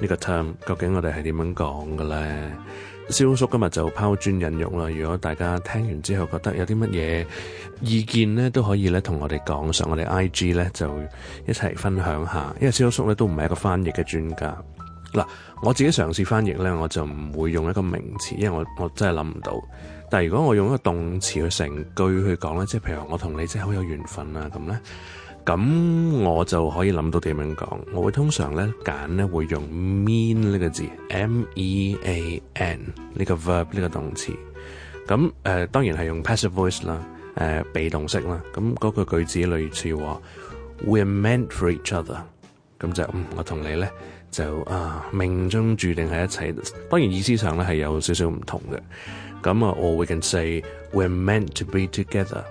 呢個 term 究竟我哋係點樣講嘅咧？蕭叔今日就拋磚引玉啦。如果大家聽完之後覺得有啲乜嘢意見咧，都可以咧同我哋講，上我哋 IG 咧，就一齊分享下。因為蕭叔咧都唔係一個翻譯嘅專家。嗱，我自己嘗試翻譯咧，我就唔會用一個名詞，因為我我真係諗唔到。但係如果我用一個動詞去成句去講咧，即係譬如我同你真係好有緣分啊咁咧。咁我就可以諗到點樣講，我會通常咧揀咧會用 mean 呢個字，M-E-A-N 呢個 verb 呢個動詞。咁誒、呃、當然係用 passive voice 啦、呃，誒被動式啦。咁嗰個句子類似話，we're meant for each other。咁就是、嗯，我同你咧就啊命中注定喺一齊。當然意思上咧係有少少唔同嘅。咁啊，or we can say we're meant to be together。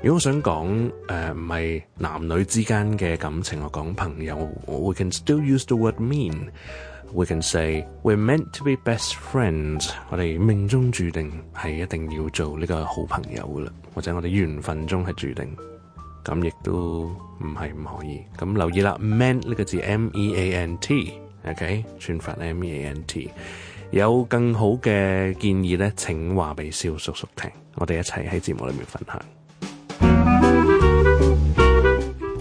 如果我想講誒，唔、uh，係男女之間嘅感情，我講朋友。We can still use the word mean. We can say we're meant to be best friends。我哋命中注定係一定要做呢個好朋友噶啦，或者我哋緣份中係注定咁，亦都唔係唔可以咁留意啦。Meant 呢個字，m e a n t，OK，okay？串法 m e a n t。有更好嘅建議咧，請話俾蕭叔叔聽，我哋一齊喺節目裏面分享。